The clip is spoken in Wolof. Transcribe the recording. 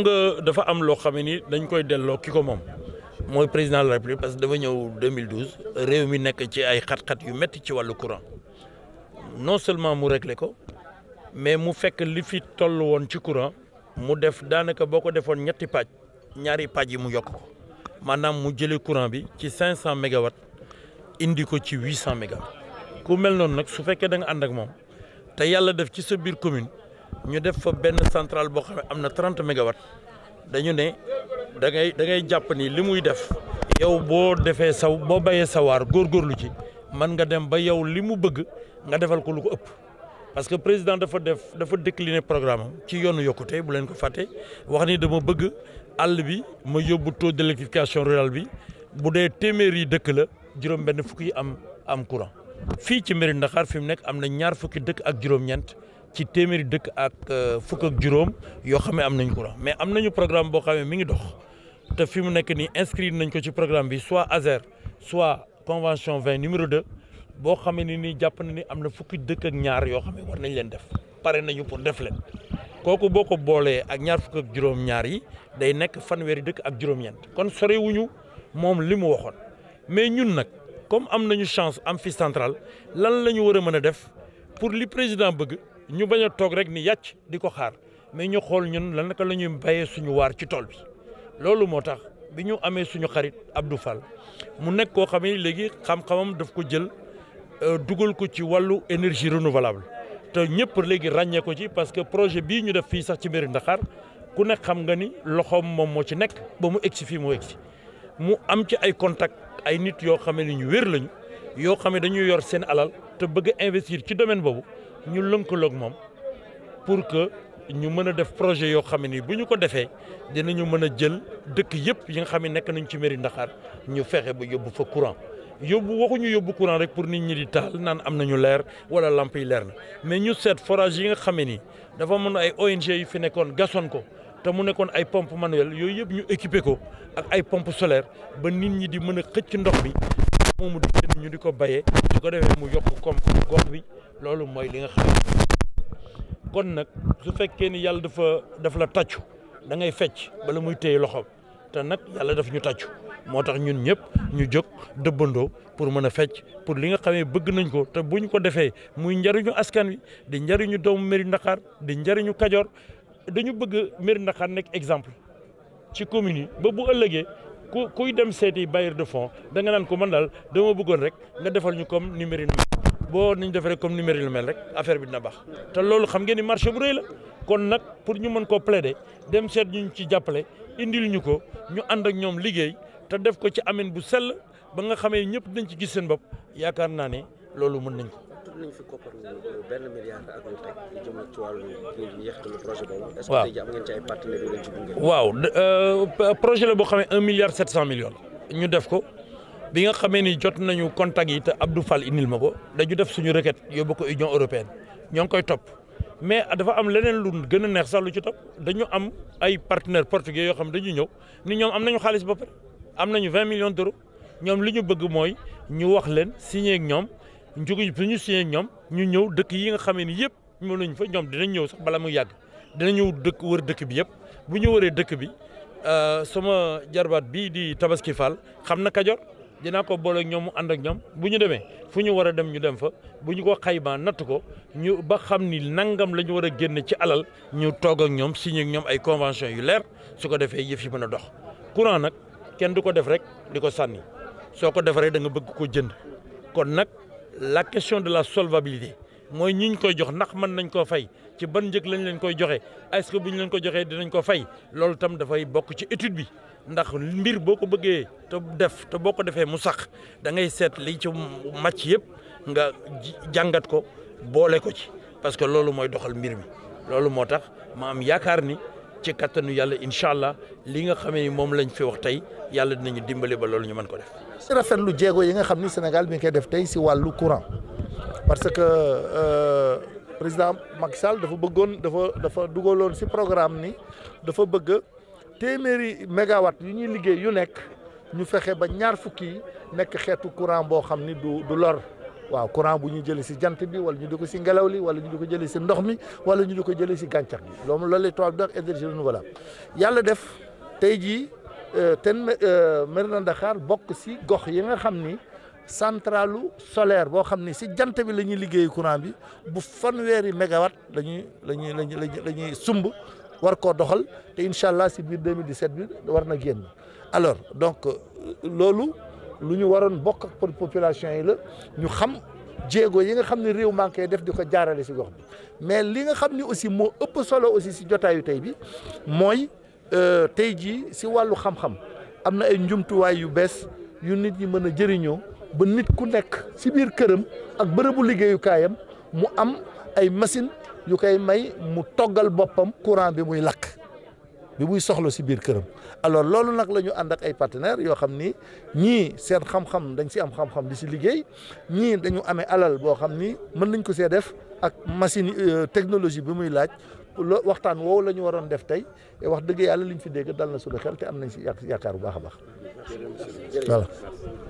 xam nga dafa am loo xam ne ni dañ koy delloo ki ko moom mooy président de la république parce que dafa ñëw 2012 réew mi nekk ci ay xat-xat yu métti ci wàllu courant non seulement mu réglé ko mais mu fekk li fi toll woon ci courant mu def daanaka boo ko defoon ñetti pàcc ñaari pàcc yi mu yokk ko maanaam mu jëlee courant bi ci 500 mégawatts indi ko ci 800 mégawatts ku mel noonu nag su fekkee da nga ànd ak moom te yàlla def ci sa biir commune. ñu def fa benn centrale boo xam ne am na trente mégawatts dañu ne da ngay da ngay jàpp ni li muy def. yow boo defee saw boo bayee sawaar góorlu ci mën nga dem ba yow li mu bëgg nga defal ko lu ko ëpp parce que président dafa def dafa décliner programme ci yoonu yokkute bu leen ko fàtte wax ni dama bëgg àll bi ma yóbbu taux d'électrification rural bi bu dee téeméeri dëkk la juróom-benn fukk yi am am courant fii ci mairie Ndakaar fi mu nekk am na ñaar fukki dëkk ak juróom ci téeméeri dëkk ak euh, fukk ak juróom yoo xam ne am nañu courant mais am nañu programme boo xam ne mi ngi dox te fi mu nekk nii inscrit nañ ko ci programme bi soit ASER soit convention 20 numéro 2 boo xam ne nii jàpp na ni am na fukki dëkk ak ñaar yoo xam ne war nañ leen def pare nañu pour def leen kooku boo ko boolee ak ñaar fukk ak juróom-ñaar yi day nekk fanweeri dëkk ak juróom-ñeent kon sorewuñu moom li mu waxoon mais ñun nag comme am nañu chance am centrale lan la ñu war a mën a def pour li président bëgg. ñu bañ a toog rek ni yàcc di ko xaar mais ñu xool ñun lan naka la ñuy bayee suñu waar ci tool bi loolu moo tax bi ñu amee suñu xarit ab Abdou Fall mu nekk koo xam ne léegi xam-xamam daf ko jël euh, dugal ko ci wàllu énergie renouvelable te ñëpp léegi ràññee ko ci parce que projet bii ñu def fii sax ci mairie Ndakaar ku nekk xam nga ni loxoom moom moo ci nekk ba mu egg egsi fii mu ci mu am ci ay contact ay nit yoo xam ne ñu wér lañu yoo xam ne dañuy yor seen alal te bëgg investir ci domaine boobu ñu lëkkaloog moom pour que ñu mën a def projet yoo xam ne nii bu ñu ko defee dinañu mën a jël dëkk yëpp yi nga xam ne nekk nañ ci mairie Ndaxaar ñu fexe ba yóbbu fa courant yóbbu waxuñu yóbbu courant rek pour nit ñi di taal naan am nañu leer wala lamp yi leer na mais ñu seet forage yi nga xam ne nii dafa mën ay ONG yu fi nekkoon gasoon ko. te mu nekkoon ay pompe manuel yooyu yëpp ñu équipé ko ak ay pompe solaire ba nit ñi di mën a xëcc ndox mi moomu dëkk bi ñu di ko béyee su ko defee mu yokk koom gox bi loolu mooy li nga xam kon nag su fekkee ni yàlla dafa daf la taccu da ngay fecc bala muy téye loxoom te nag yàlla daf ñu taccu moo tax ñun ñëpp ñu jóg dëbbandoo pour mën a fecc pour li nga xamee bëgg nañ ko te bu ñu ko defee muy njariñu askan wi di njariñu doomu Mérina Dakhar di njariñu Kajoor dañu bëgg Mérina Dakhar nekk exemple ci commune ba bu ëllëgee ku kuy dem seet seeti bailleur de fonds da nga naan ko mën daal dama bëggoon rek nga defal ñu comme numéro mel boo niñ defee comme numéro mel rek affaire bi dina baax te loolu xam ngeen ni marché bu rëy la kon nag pour ñu mën koo plaider dem seet ñu ñu ci jàppale indil ñu ko ñu ànd ak ñoom liggéey te def ko ci amin bu sell ba nga xamee ñëpp dañ ci gis seen bopp yaakaar naa ne loolu mun nañ ko tudd nañ fi koppar benn milliard ak lu teg jëm waaw euh, projet la boo xamee un milliard sept cent millions ñu def ko bi nga xamee ni jot nañu contact yi te Abdou Fall indil ma ko dañu def suñu requête yóbbu ko Union européenne ñoo ngi koy topp mais dafa am leneen lu gën a neex sax lu ci topp dañu am ay partenaires portugais yoo xam dañu ñëw ni ñoom am nañu xaalis ba pare am nañu vingt millions d'euros ñoom li ñu bëgg mooy ñu wax leen signé ak ñoom. jóge ñu signé ñoom ñu ñëw dëkk yi nga xamee ni yëpp ñëw nañ fa ñoom dinañ ñëw sax bala muy yàgg dina ñëw dëkk wër dëkk bi yëpp bu ñu waree dëkk bi euh, sama jarbaat bii di Tabaski Fall xam na Kajoor dinaa ko booleeg ñoom mu ànd ak ñoom bu ñu demee fu ñu war a dem ñu dem fa bu ñu ko xaymaa natt ko ñu ba xam ni nangam lañu ñu war a génn ci alal ñu toog ak ñoom signé ñoom ay convention yu leer su ko defee yëf yi mën a dox. courant nag kenn du ko def rek di ko sànni soo ko defaree da nga bëgg ko jënd la question de la solvabilité mooy ñi ñu koy jox ndax mën nañ koo fay ci ban njëg lañ lañ koy joxe est que bu ñu leen ko joxee dinañ ko fay loolu tam dafay bokk ci étude bi ndax mbir boo ko bëggee te def te boo ko defee mu sax dangay seet li ci màcc yëpp nga jàngat ko boole ko ci parce que loolu mooy doxal mbir mi loolu moo tax ma am yaakaar ni. ci kattanu yàlla incha allah li nga xamee ni moom lañ fi wax tey yàlla dinañu dimbali ba loolu ñu mën ko def. si rafetlu jéego yi nga xam ni Sénégal mi ngi koy def tey si wàllu courant parce que euh, président Macky Sall dafa bëggoon dafa dafa dugaloon si programme ni dafa bëgg téeméeri mégawatt yu ñuy liggéey yu nekk ñu fexe ba ñaar fukki nekk xeetu courant boo xam ni du du lor. waaw courant bu ñu jëlee si jant bi wala ñu di ko si ngelaw li wala ñu ko jëlee si ndox mi wala ñu di ko jëlee si gàncax bi loolu loolu la tubaab di wax énergie yàlla def tey jii euh, ten euh, Mérina Dakhar bokk si gox yi nga xam ni centralu solaire boo xam ni si jant bi la ñuy liggéey courant bi bu fanweeri mégawatt la ñuy la ñuy la ñuy sumb war koo doxal te incha allah si biir 2017 bi war na génn alors donc euh, loolu. lu ñu waroon bokk pour population yi la ñu xam jéego yi nga xam ne réew manqué def di ko jaarale si gox bi mais li nga xam ni aussi moo ëpp solo aussi si jotaayu tey bi mooy euh, tey jii si wàllu xam-xam am na ay njumtuwaay yu bees yu nit ñi mën a jëriñoo ba nit ku nekk si biir këram ak bërëbu liggéeyukaayam mu am ay machine yu koy may mu toggal boppam courant bi muy lakk bi muy soxla si biir këram alors loolu nag la ñu ànd ay partenaires yoo xam ni ñii seen xam-xam dañ si am xam-xam di si liggéey ñii dañu amee alal boo xam ni mën nañ ko see def ak machine euh, technologie bi muy laaj lo waxtaan woowu la ñu waroon def tey wax dëgg yàlla liñ fi dégg dal na suñu xel te am nañ si yaakaar bu baax a baax